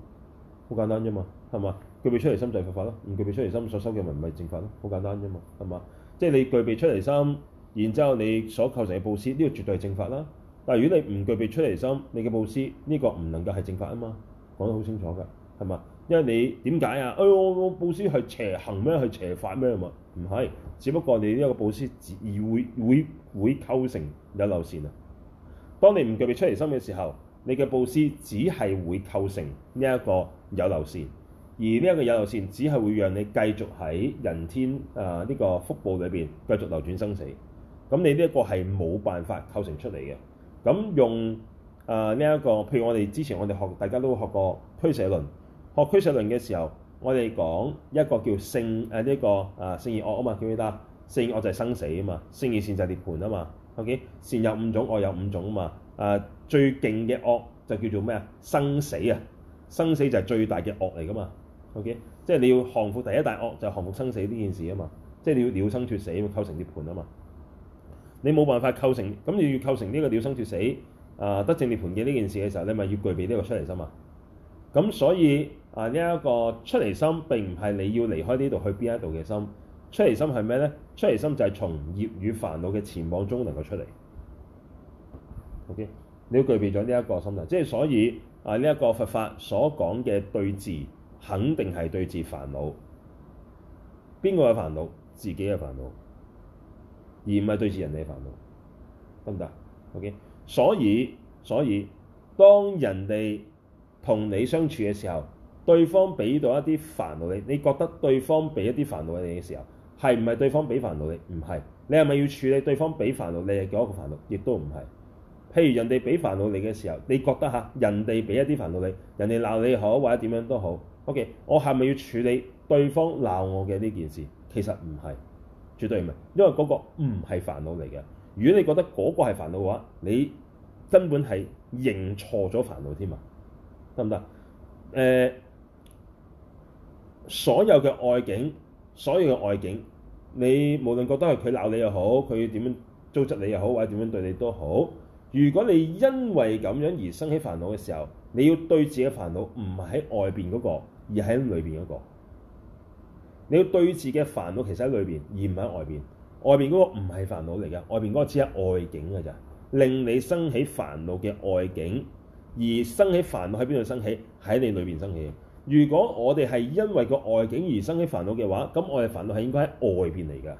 好簡單啫嘛，係嘛？具備出嚟心就係佛法咯。唔具備出嚟心所收嘅咪唔係正法咯。好簡單啫嘛，係嘛？即係你具備出嚟心，然之後你所構成嘅佈施呢個絕對係正法啦。但係如果你唔具備出嚟心，你嘅佈施呢個唔能夠係正法啊嘛。講得好清楚㗎，係嘛？因為你點解啊？哎呦，我佈施係邪行咩？係邪法咩？啊嘛？唔係，只不過你呢一個佈施而會會會,會構成有漏線啦。當你唔具備出嚟心嘅時候，你嘅佈施只係會構成呢一個。有流線，而呢一個有流線，只係會讓你繼續喺人天啊呢、呃這個福報裏邊繼續流轉生死。咁你呢一個係冇辦法構成出嚟嘅。咁用啊呢一個，譬如我哋之前我哋學，大家都學過俱舍論。學俱舍論嘅時候，我哋講一個叫勝」呃，啊、這、呢個啊勝義惡啊嘛，記唔記得啊？勝義惡就係生死啊嘛，勝義善就係涅盤啊嘛。O、okay? K，善有五種，惡有五種啊嘛。啊、呃、最勁嘅惡就叫做咩啊？生死啊！生死就係最大嘅惡嚟噶嘛，OK，即係你要降服第一大惡就係、是、降服生死呢件事啊嘛，即係你要了生脫死啊嘛，構成涅盤啊嘛，你冇辦法構成，咁你要構成呢個了生脫死啊得正涅盤嘅呢件事嘅時候，你咪要具備呢個出離心啊，咁所以啊呢一個出離心並唔係你要離開呢度去邊一度嘅心，出離心係咩咧？出離心就係從業與煩惱嘅纏綿中能夠出嚟，OK，你要具備咗呢一個心態，即係所以。啊！呢一個佛法所講嘅對治，肯定係對治煩惱。邊個有煩惱？自己嘅煩惱，而唔係對治人哋嘅煩惱，得唔得？OK。所以，所以當人哋同你相處嘅時候，對方畀到一啲煩惱你，你覺得對方畀一啲煩惱你嘅時候，係唔係對方畀煩惱你？唔係。你係咪要處理對方畀煩惱你係幾多個煩惱？亦都唔係。譬如人哋俾煩惱你嘅時候，你覺得吓人哋俾一啲煩惱你，人哋鬧你好或者點樣都好。OK，我係咪要處理對方鬧我嘅呢件事？其實唔係，絕對唔係，因為嗰個唔係煩惱嚟嘅。如果你覺得嗰個係煩惱嘅話，你根本係認錯咗煩惱添啊，得唔得？誒、呃，所有嘅外境，所有嘅外境，你無論覺得係佢鬧你又好，佢點樣糟質你又好，或者點樣對你都好。如果你因為咁樣而生起煩惱嘅時候，你要對自己煩惱唔係喺外邊嗰個，而喺裏邊嗰個。你要對自己煩惱其實喺裏邊，而唔喺外邊。外邊嗰個唔係煩惱嚟嘅，外邊嗰個只係外境嘅咋。令你生起煩惱嘅外境，而生起煩惱喺邊度生起？喺你裏邊生起。如果我哋係因為個外境而生起煩惱嘅話，咁我哋煩惱係應該喺外邊嚟㗎。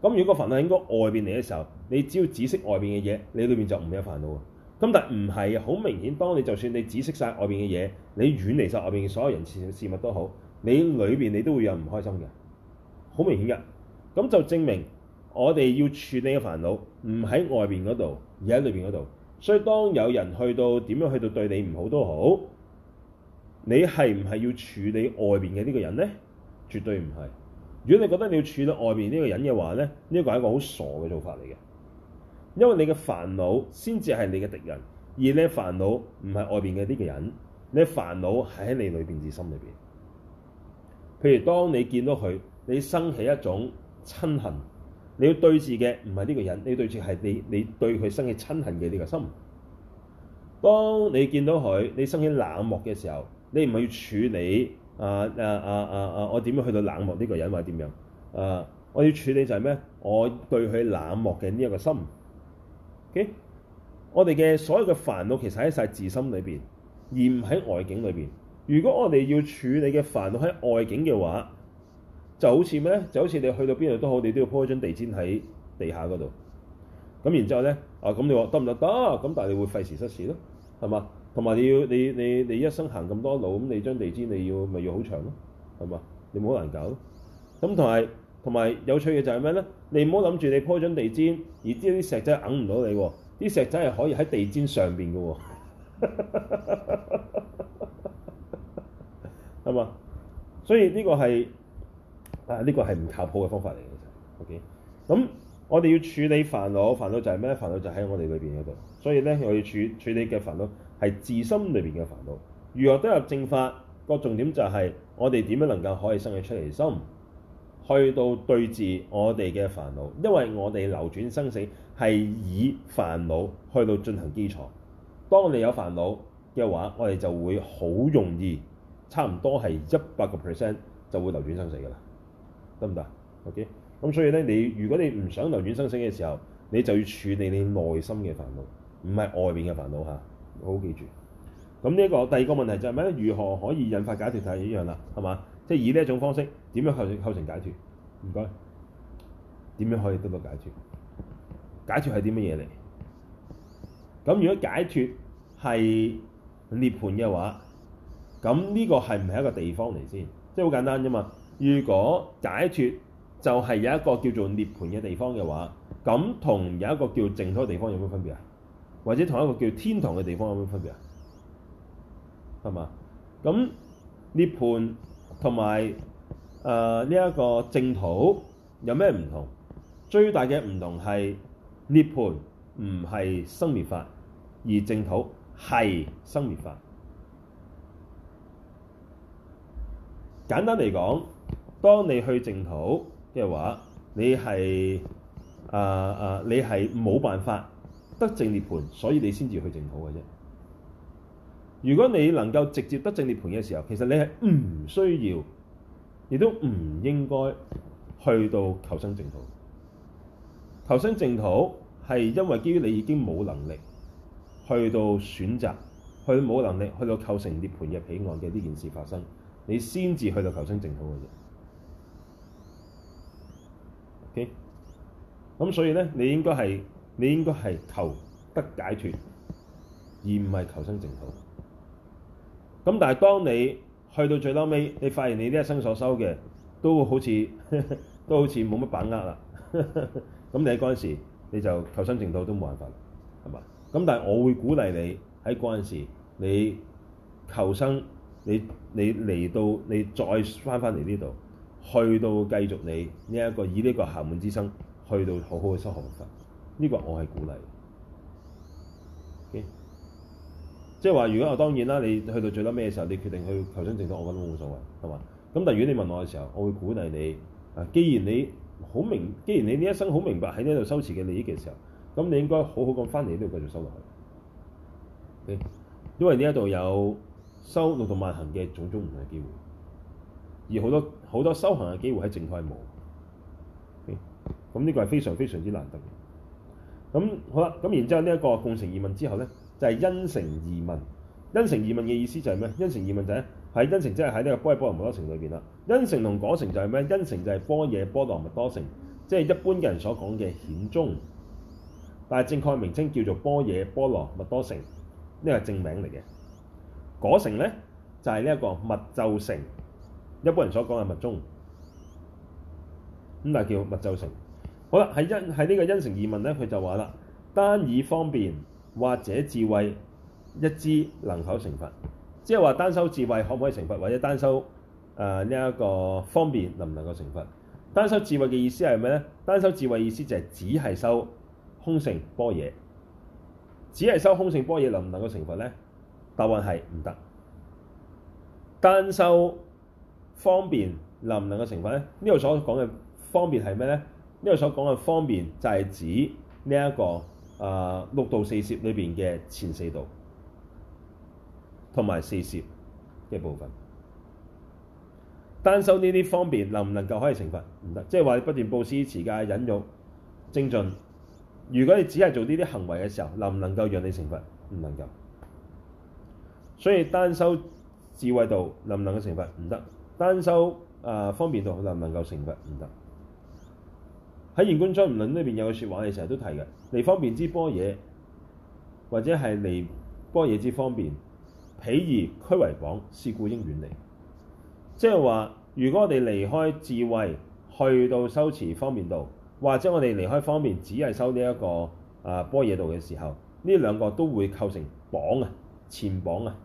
咁如果個煩惱喺個外邊嚟嘅時候，你只要只識外邊嘅嘢，你裏邊就唔會有煩惱啊！咁但係唔係好明顯，當你就算你只識晒外邊嘅嘢，你遠離晒外邊嘅所有人事物都好，你裏邊你都會有唔開心嘅，好明顯嘅。咁就證明我哋要處理嘅煩惱唔喺外邊嗰度，而喺裏邊嗰度。所以當有人去到點樣去到對你唔好都好，你係唔係要處理外邊嘅呢個人咧？絕對唔係。如果你覺得你要處理外面呢個人嘅話呢，呢個係一個好傻嘅做法嚟嘅，因為你嘅煩惱先至係你嘅敵人，而你煩惱唔係外面嘅呢個人，你煩惱係喺你裏面自心裏面。譬如當你見到佢，你生起一種親恨，你要對峙嘅唔係呢個人，你要對峙係你你對佢生起親恨嘅呢個心。當你見到佢，你生起冷漠嘅時候。你唔係要處理啊啊啊啊啊！我點樣去到冷漠呢個人，或者點樣啊？我要處理就係咩？我對佢冷漠嘅呢一個心。Okay，我哋嘅所有嘅煩惱其實喺曬自心裏面，而唔喺外境裏面。如果我哋要處理嘅煩惱喺外境嘅話，就好似咩？就好似你去到邊度都好，你都要鋪一張地氈喺地下嗰度。咁然之後咧，啊咁你話得唔得？得，咁但係你會費時失事咯，係嘛？同埋你要你你你一生行咁多路，咁你，地你，你，有有你，你張地毯你要咪要好長咯，係嘛？你冇好難搞咯。咁同埋同埋有趣嘅就係咩咧？你唔好諗住你鋪張地毯，而知啲石仔揞唔到你喎，啲石仔係可以喺地毯上邊嘅喎，係 (laughs) 嘛？ (laughs) (laughs) 所以呢個係啊呢、這個係唔靠譜嘅方法嚟嘅，O K。咁、okay? 我哋要處理煩惱，煩惱就係咩咧？煩惱就喺我哋裏邊嗰度，所以咧我要處處理嘅煩惱。係自心裏邊嘅煩惱。如何得入正法，個重點就係我哋點樣能夠可以生起出離心，去到對治我哋嘅煩惱。因為我哋流轉生死係以煩惱去到進行基礎。當你有煩惱嘅話，我哋就會好容易差唔多係一百個 percent 就會流轉生死㗎啦。得唔得？OK 咁，所以咧，你如果你唔想流轉生死嘅時候，你就要處理你內心嘅煩惱，唔係外邊嘅煩惱嚇。我好記住，咁呢一個第二個問題就係咩咧？如何可以引發解脫太係一樣啦，係嘛？即係以呢一種方式，點樣構成構成解脫？唔該，點樣可以得到解脫？解脫係啲乜嘢嚟？咁如果解脫係涅槃嘅話，咁呢個係唔係一個地方嚟先？即係好簡單啫嘛。如果解脫就係有一個叫做涅槃嘅地方嘅話，咁同有一個叫做淨土嘅地方有乜分別啊？或者同一個叫天堂嘅地方有咩分別啊？係嘛？咁涅盤同埋誒，呢一個淨土有咩唔同？最大嘅唔同係涅盤唔係生滅法，而淨土係生滅法。簡單嚟講，當你去淨土嘅話，你係誒誒，你係冇辦法。得正涅槃，所以你先至去淨土嘅啫。如果你能夠直接得正涅槃嘅時候，其實你係唔需要，亦都唔應該去到求生淨土。求生淨土係因為基於你已經冇能力去到選擇，去到冇能力去到構成涅槃嘅彼岸嘅呢件事發生，你先至去到求生淨土嘅啫。O K，咁所以咧，你應該係。你應該係求得解脫，而唔係求生淨土。咁但係當你去到最嬲尾，你發現你呢一生所收嘅都好似都好似冇乜把握啦。咁你喺嗰陣時你就求生淨土都冇辦法，係嘛？咁但係我會鼓勵你喺嗰陣時，你求生，你你嚟到，你再翻翻嚟呢度，去到繼續你呢、這、一個以呢個暇滿之身去到好好嘅修行。呢、這個我係鼓勵的，okay? 即係話，如果我當然啦，你去到最屘咩時候，你決定去求生淨土，我覺得冇所謂，係嘛？咁但如果你問我嘅時候，我會鼓勵你啊。既然你好明，既然你這一生好明白喺呢度修持嘅利益嘅時候，咁你應該好好咁翻嚟都要繼續修落去，okay? 因為呢裏度有修六度萬行嘅種種唔同嘅機會，而好多好多修行嘅機會喺淨土係冇，咁、okay? 呢個係非常非常之難得嘅。咁好啦，咁然之後呢一個共乘二問之後咧，就係因乘移民。因乘移民嘅意思就係咩？因乘移民就係喺因乘，即係喺呢個般若波羅蜜多乘裏邊啦。因乘同果乘就係咩？因乘就係般若波羅蜜多乘，即係一般嘅人所講嘅顯宗，但係正確名稱叫做般若波羅蜜多乘，呢個係正名嚟嘅。果乘咧就係呢一個密咒乘，一般人所講嘅密宗，咁但係叫密咒乘。好啦，喺一喺呢個因成疑問咧，佢就話啦：單以方便或者智慧一知能否成佛？即係話單修智慧可唔可以成佛？或者單修誒呢一個方便能唔能夠成佛？單修智慧嘅意思係咩咧？單修智慧意思就係、是、只係修空性般若，只係修空性般若能唔能夠成佛咧？答案係唔得。單修方便能唔能夠成佛咧？呢度所講嘅方便係咩咧？呢、呢個所講嘅方便就係指呢一個啊六度四攝裏邊嘅前四度同埋四攝嘅部分。單修呢啲方便能唔能夠可以成佛？唔得，即係話你不斷布施、持戒、忍辱、精進。如果你只係做呢啲行為嘅時候，能唔能夠讓你成佛？唔能夠。所以單修智慧度能唔能夠成佛？唔得。單修啊、呃、方便度能唔能夠成佛？唔得。喺《現觀莊嚴論》呢邊有句説話，我哋成日都提嘅，離方便之般若，或者係離般若之方便，彼而俱為綁，是故應遠離。即係話，如果我哋離開智慧去到修持方便度，或者我哋離開方便只係修呢一個啊般若度嘅時候，呢兩個都會構成綁啊、前綁啊、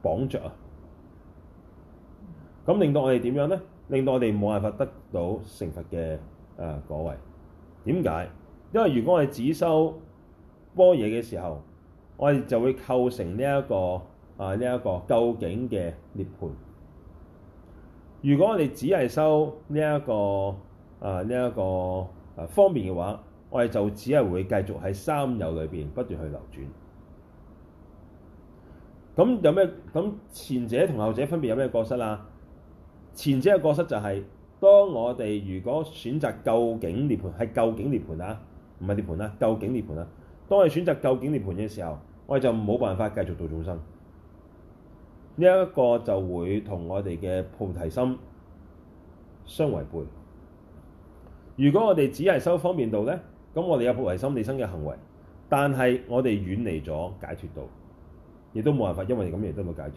綁着啊，咁令到我哋點樣咧？令到我哋冇辦法得到成佛嘅。啊，嗰位，點解？因為如果我哋只修般若嘅時候，我哋就會構成呢、這、一個啊呢一、這個究竟嘅涅槃。如果我哋只係修呢、這、一個啊呢一、這個啊方便嘅話，我哋就只係會繼續喺三有裏邊不斷去流轉。咁有咩？咁前者同後者分別有咩角色啊？前者嘅角色就係、是。當我哋如果選擇究竟涅盤，係究竟涅盤啊，唔係涅盤啊，究竟涅盤啊。當我哋選擇究竟涅盤嘅時候，我哋就冇辦法繼續做眾生。呢一個就會同我哋嘅菩提心相違背。如果我哋只係修方便道咧，咁我哋有菩提心利生嘅行為，但係我哋遠離咗解脱道，亦都冇辦法，因為咁亦都冇解脫。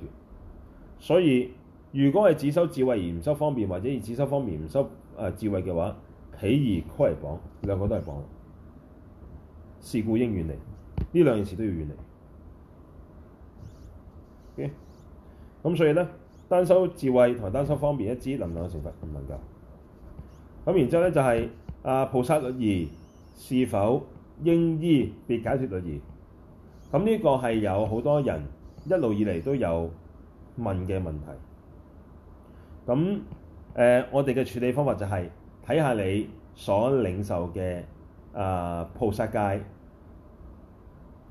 所以如果係只修智慧而唔修方便，或者而只修方便唔修誒智慧嘅話，起而嚟講，兩個都係磅是故應遠離呢兩件事都要遠離咁、okay? 所以咧，單修智慧同埋單修方便一支能唔能夠成佛，唔能夠咁。然之後咧就係阿菩薩律儀是否應依別解脱律儀？咁呢個係有好多人一路以嚟都有問嘅問題。咁誒、呃，我哋嘅處理方法就係睇下你所領受嘅啊、呃，菩薩戒。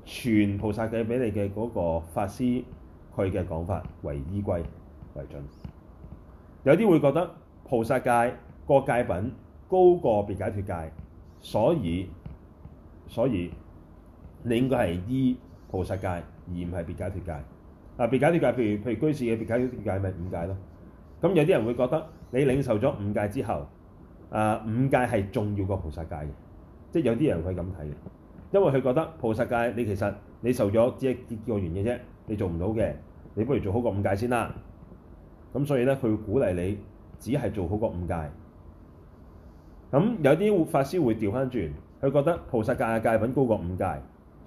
傳菩薩戒俾你嘅嗰個法師佢嘅講法為依歸為準。有啲會覺得菩薩戒個戒品高過別解脫戒，所以所以你應該係依菩薩戒，而唔係別解脫戒。啊，別解脫戒譬如譬如居士嘅別解脫戒係咪五戒咯？咁有啲人會覺得你領受咗五戒之後，誒、啊、五戒係重要過菩薩戒嘅，即係有啲人會咁睇嘅，因為佢覺得菩薩戒你其實你受咗只係結個緣嘅啫，你做唔到嘅，你不如做好個五戒先啦。咁所以咧，佢會鼓勵你只係做好個五戒。咁有啲法師會調翻轉，佢覺得菩薩戒嘅戒品高過五戒，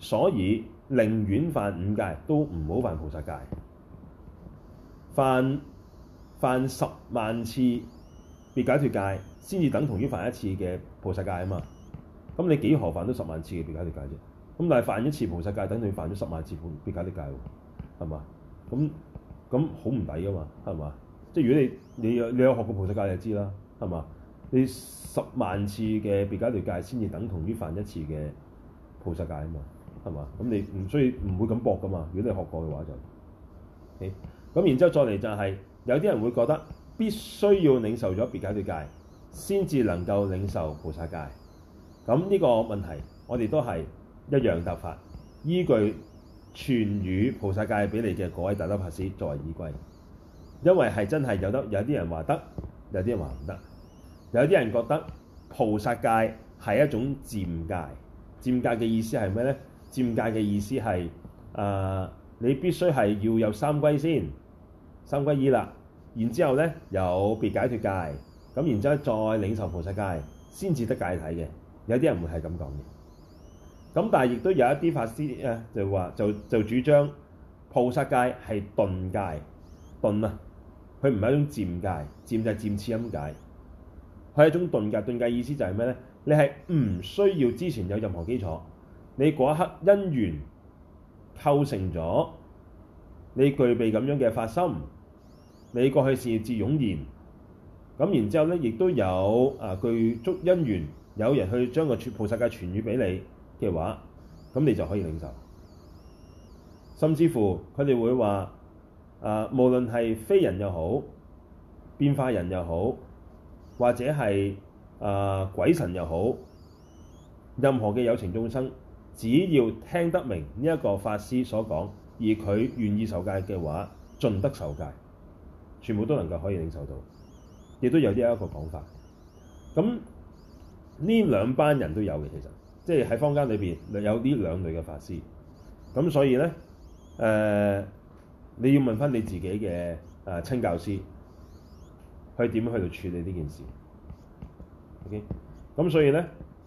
所以寧願犯五戒都唔好犯菩薩戒，犯。犯十萬次別解脫戒，先至等同於犯一次嘅菩薩戒啊嘛。咁你幾何犯咗十萬次嘅別解脫戒啫。咁但係犯一次菩薩戒，等同於犯咗十萬次破別解脫戒喎，係嘛？咁咁好唔抵噶嘛，係嘛？即係如果你你有你有學過菩薩戒，你就知啦，係嘛？你十萬次嘅別解脫戒先至等同於犯一次嘅菩薩戒啊嘛，係嘛？咁你唔需要唔會咁搏噶嘛。如果你學過嘅話就，咁、okay? 然之後再嚟就係、是。有啲人會覺得必須要領受咗別解脫戒，先至能夠領受菩薩戒。咁呢個問題，我哋都係一樣答法，依據傳語菩薩戒俾你嘅各位大德法師作為依歸。因為係真係有得，有啲人話得，有啲人話唔得。有啲人，人覺得菩薩戒係一種漸戒，漸戒嘅意思係咩呢？漸戒嘅意思係誒，你必須係要有三歸先。三歸依啦，然之後咧有別解脫戒。咁然之後再領受菩薩戒，先至得戒體嘅。有啲人會係咁講嘅，咁但係亦都有一啲法師咧，就話就就主張菩薩戒係頓戒，頓啊，佢唔係一種漸戒，漸就係漸次咁解，佢係一種頓戒。頓戒意思就係咩咧？你係唔需要之前有任何基礎，你嗰一刻因緣構成咗，你具備咁樣嘅發心。你過去事自湧然咁，然之後咧，亦都有啊，具足因緣，有人去將個菩薩戒傳語俾你嘅話，咁你就可以領受。甚至乎佢哋會話啊，無論係非人又好，變化人又好，或者係啊鬼神又好，任何嘅有情眾生，只要聽得明呢一個法師所講，而佢願意受戒嘅話，盡得受戒。全部都能夠可以領受到，亦都有呢一個講法。咁呢兩班人都有嘅，其實即係喺坊間裏邊有呢兩類嘅法師。咁所以咧，誒、呃、你要問翻你自己嘅誒、呃、親教師，佢去點去到處理呢件事？OK。咁所以咧，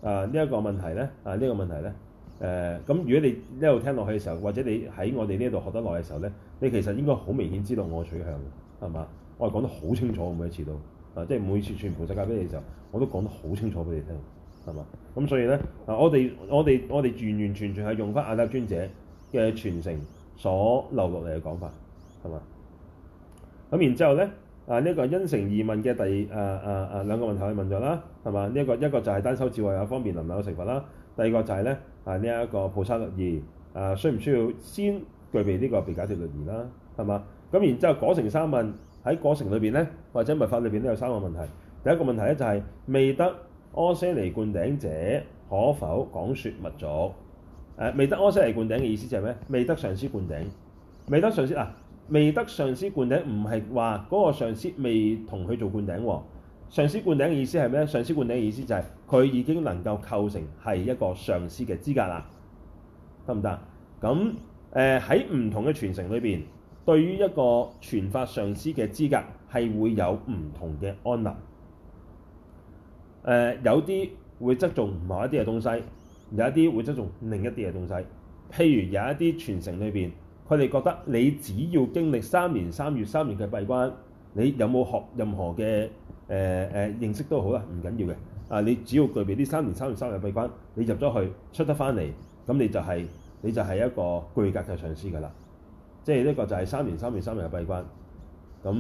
啊呢一個問題咧，啊呢、呢個問題咧，誒、呃、咁，如果你一路聽落去嘅時候，或者你喺我哋呢度學得耐嘅時候咧，你其實應該好明顯知道我嘅取向嘅。係嘛？我係講得好清楚，每一次都啊，即係每次傳菩薩戒俾你嘅時候，我都講得好清楚俾你聽，係嘛？咁所以咧，啊，我哋我哋我哋完完全全係用翻阿底峽尊者嘅傳承所流落嚟嘅講法，係嘛？咁然之後咧，啊呢一、這個因城而問嘅第二啊啊啊兩個問題問咗啦，係嘛？呢、這、一個一個就係單修智慧啊方便能唔能夠成佛啦，第二個就係咧啊呢一、這個菩薩律儀啊，需唔需要先具備呢個別解脫律儀啦？係嘛？咁然之後，果成三問喺果城裏面咧，或者密法裏面都有三個問題。第一個問題咧就係未得阿闍黎灌頂者，可否講說密續？未得阿闍黎灌頂嘅、啊、意思就係咩？未得上師灌頂，未得上師？啊，未得上師灌頂唔係話嗰個上師未同佢做灌頂。上師灌頂嘅意思係咩？上師灌頂嘅意思就係佢已經能夠構成係一個上師嘅資格啦，得唔得？咁誒喺唔同嘅傳承裏面。對於一個傳法上師嘅資格係會有唔同嘅安立，誒、呃、有啲會側重某一啲嘅東西，有一啲會側重另一啲嘅東西。譬如有一啲傳承裏邊，佢哋覺得你只要經歷三年三月三年嘅閉關，你有冇學任何嘅誒誒認識都好啦，唔緊要嘅。啊，你只要具備呢三年三月三年嘅閉關，你入咗去出得翻嚟，咁你就係、是、你就係一個具格嘅上師㗎啦。即係呢個就係三年、三年、三年嘅閉關。咁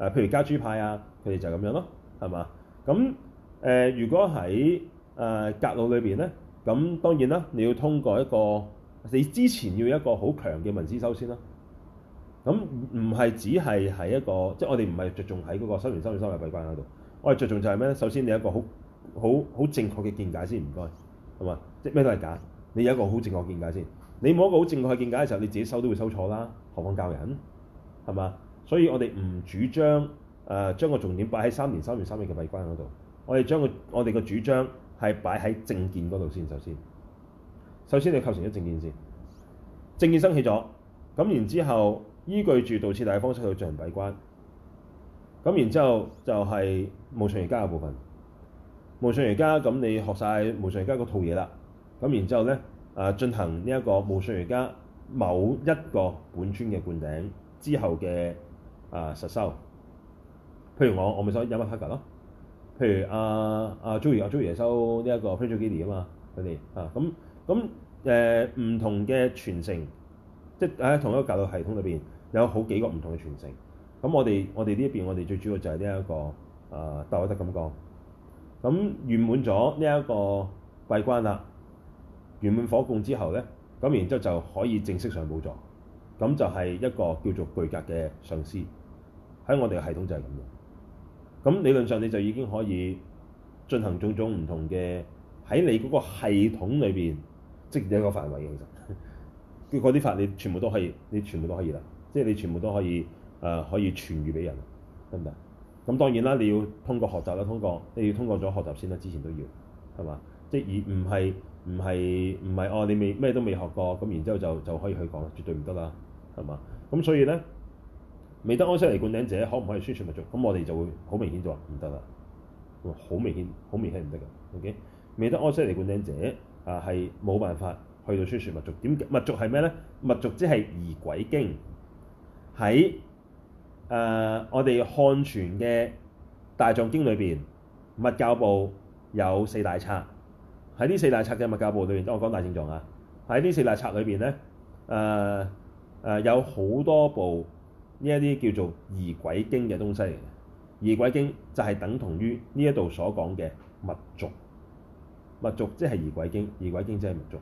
誒，譬如噶舉派啊，佢哋就咁樣咯，係嘛？咁誒、呃，如果喺誒、呃、格魯裏邊咧，咁當然啦，你要通過一個你之前要一個好強嘅聞思修先啦。咁唔係只係喺一個，即係我哋唔係着重喺嗰個三年、三年、三年嘅閉關嗰度。我哋着重就係咩咧？首先你有一個好好好正確嘅見解先唔該，係嘛？即係咩都係假，你有一個好正確的見解先。你冇一個好正確嘅見解嘅時候，你自己收都會收錯啦，何況教人係嘛？所以我哋唔主張誒將個重點擺喺三年、三月、三日嘅閉關嗰度，我哋將個我哋嘅主張係擺喺正見嗰度先，首先，首先你構成咗正見先，正見生起咗，咁然之後依據住道次第嘅方式去進行閉關，咁然之後就係無上瑜伽嘅部分，無上瑜伽，咁你學晒無上瑜伽嗰套嘢啦，咁然之後咧。啊，進行呢一個無上瑜伽某一個本尊嘅灌頂之後嘅啊、呃、實修，譬如我我咪收有乜克格咯，譬如阿阿朱 y 阿朱如 y 收呢一個潘祖基尼啊嘛，佢哋啊咁咁誒唔同嘅傳承，即係喺同一個教育系統裏邊有好幾個唔同嘅傳承，咁我哋我哋呢一邊我哋最主要就係呢一個啊道、呃、德咁講，咁圓滿咗呢一個閉關啦。完滿火供之後咧，咁然之後就可以正式上寶座。咁就係一個叫做具格嘅上司喺我哋嘅系統就係咁樣的。咁理論上你就已經可以進行種種唔同嘅喺你嗰個系統裏邊職業嘅一個範圍，其實佢嗰啲法你全部都可以，你全部都可以啦，即係你全部都可以誒、呃，可以傳御俾人，得唔得？咁當然啦，你要通過學習啦，通過你要通過咗學習先啦。之前都要係嘛，即係而唔係。唔係唔係哦，你未咩都未學過，咁然之後就，就可以去講啦，絕對唔得啦，係嘛？咁所以咧，未得安息尼灌頂者可唔可以宣傳密續？咁我哋就會好明顯就話，唔得啦，好明顯，好明顯唔得嘅。OK，未得安息尼灌頂者啊，係冇辦法去到宣傳密續。點解密續係咩咧？密續即係儀軌經喺誒、呃、我哋漢傳嘅大藏經裏邊，密教部有四大冊。喺呢四大冊嘅《密教部裡面》我說大在裏邊，當我講大正藏啊，喺呢四大冊裏邊咧，誒誒有好多部呢一啲叫做儀軌經嘅東西嚟嘅。儀軌經就係等同於呢一度所講嘅密續密續，密續即係儀軌經。儀軌經即係密續，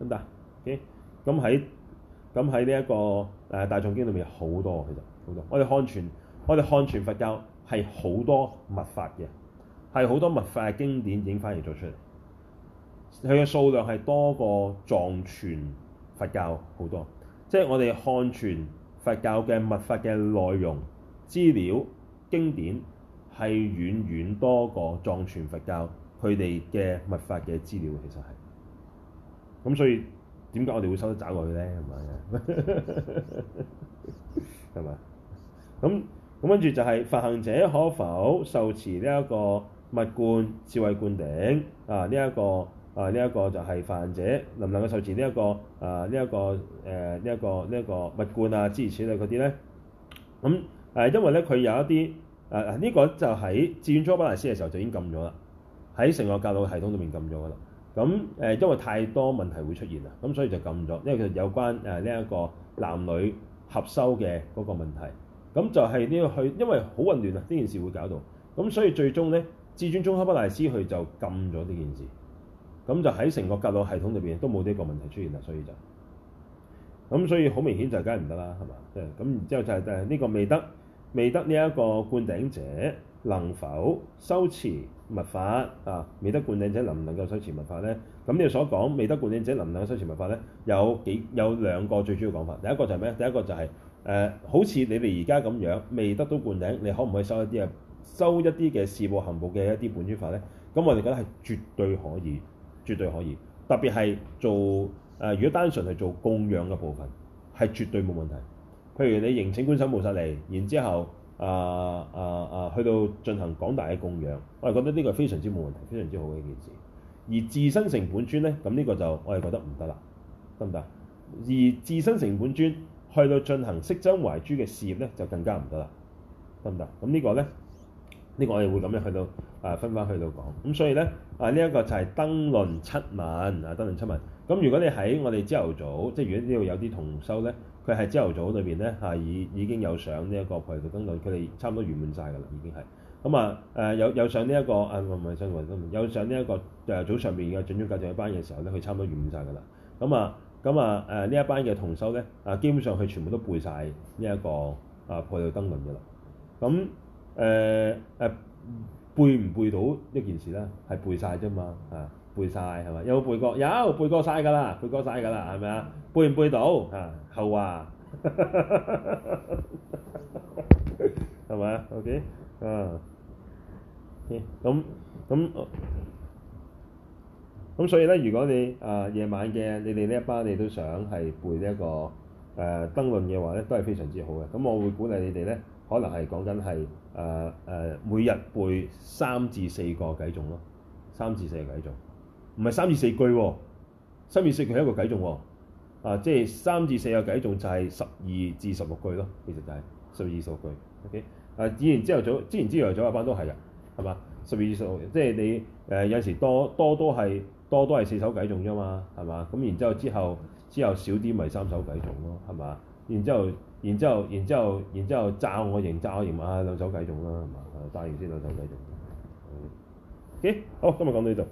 得唔得啊？OK，咁喺咁喺呢一個誒大藏經裏面好多其實好多。我哋漢傳，我哋漢傳佛教係好多密法嘅，係好多密法嘅經典已經翻譯咗出嚟。佢嘅數量係多過藏傳佛教好多，即係我哋漢傳佛教嘅密法嘅內容資料經典係遠遠多過藏傳佛教佢哋嘅密法嘅資料。其實係咁，所以點解我哋會收得走過去咧？係咪啊？係 (laughs) 咪？咁咁跟住就係、是，梵行者可否受持呢一個密灌、智慧灌頂啊？呢、這、一個。啊！呢、這、一個就係梵行者能唔能夠受持、這個，呢、呃、一、這個、呃這個呃這個這個、啊，呢一個誒，呢一個呢一物冠啊、諸如此類嗰啲咧。咁因為咧佢有一啲誒呢個就喺至尊宗喀巴大師嘅時候就已經禁咗啦。喺成個教育系統裏面禁咗噶啦。咁、嗯呃、因為太多問題會出現啦咁、嗯、所以就禁咗，因為其實有關誒呢一個男女合修嘅嗰個問題，咁、嗯、就係、是、呢、這個去，因為好混亂啊，呢件事會搞到咁、嗯，所以最終咧至尊宗喀巴大師佢就禁咗呢件事。咁就喺成個格魯系統裏面都冇呢個問題出現啦，所以就咁，所以好明顯就梗係唔得啦，係嘛？即係咁，然之後就係呢個未得未得呢一個灌頂者能否修持密法啊？未得灌頂者能唔能夠修持密法咧？咁你所講未得灌頂者能唔能夠修持密法咧？有幾有兩個最主要講法，第一個就係咩？第一個就係，呃，好似你哋而家咁樣未得到灌頂，你可唔可以修一啲啊？修一啲嘅事部行部嘅一啲本尊法咧？咁我哋覺得係絕對可以。絕對可以，特別係做誒、呃，如果單純係做供養嘅部分，係絕對冇問題。譬如你認請觀世音菩薩嚟，然之後誒誒誒去到進行廣大嘅供養，我係覺得呢個係非常之冇問題，非常之好嘅一件事。而自身成本尊咧，咁呢個就我係覺得唔得啦，得唔得？而自身成本尊去到進行息增懷誅嘅事業咧，就更加唔得啦，得唔得？咁呢個咧？呢、這個我哋會咁樣去到啊，分翻去到講。咁所以咧啊，呢、這、一個就係燈論七問啊，燈論七問。咁如果你喺我哋朝頭早，即係如果呢度有啲同修咧，佢係朝頭早裏邊咧嚇，已已經有上呢一個菩提道燈論，佢哋差唔多完滿晒噶啦，已經係。咁啊誒、啊、有有上呢、這、一個啊唔係上、這個、有上呢、這、一個誒、啊、早上邊嘅準中教長班嘅時候咧，佢差唔多完滿晒噶啦。咁啊咁啊誒呢、啊啊、一班嘅同修咧啊，基本上佢全部都背晒呢一個啊菩提道燈論噶啦。咁誒、呃呃、背唔背到呢件事啦？係背晒啫嘛，嚇、啊、背晒，係咪？有冇背過？有背過晒㗎啦，背過晒㗎啦，係咪啊？背唔背到啊？後話係咪啊？OK，嗯，咁咁咁所以咧，如果你啊夜、呃、晚嘅你哋呢一班你都想係背呢、這、一個誒、呃、燈論嘅話咧，都係非常之好嘅。咁我會鼓勵你哋咧，可能係講緊係。啊啊、每日背三至四個偈頌咯，三至四個偈頌，唔係三至四句喎，三至四句係一個偈頌喎，啊，即係三至四個偈頌就係十二至十六句咯，其實就係十二、十六句。O.K. 啊，之前朝頭早，之前朝頭早一班都係噶，係嘛？十二、十六，即係你誒有陣時多多都係多都係四首偈頌啫嘛，係嘛？咁然之後之後之後少啲咪三首偈頌咯，係嘛？然之後。然之後，然之後，然之後炸，炸我型、啊啊，炸我型，咪兩手繼續啦，係嘛？炸完先兩手繼續。嗯，OK，好，今日講到呢度。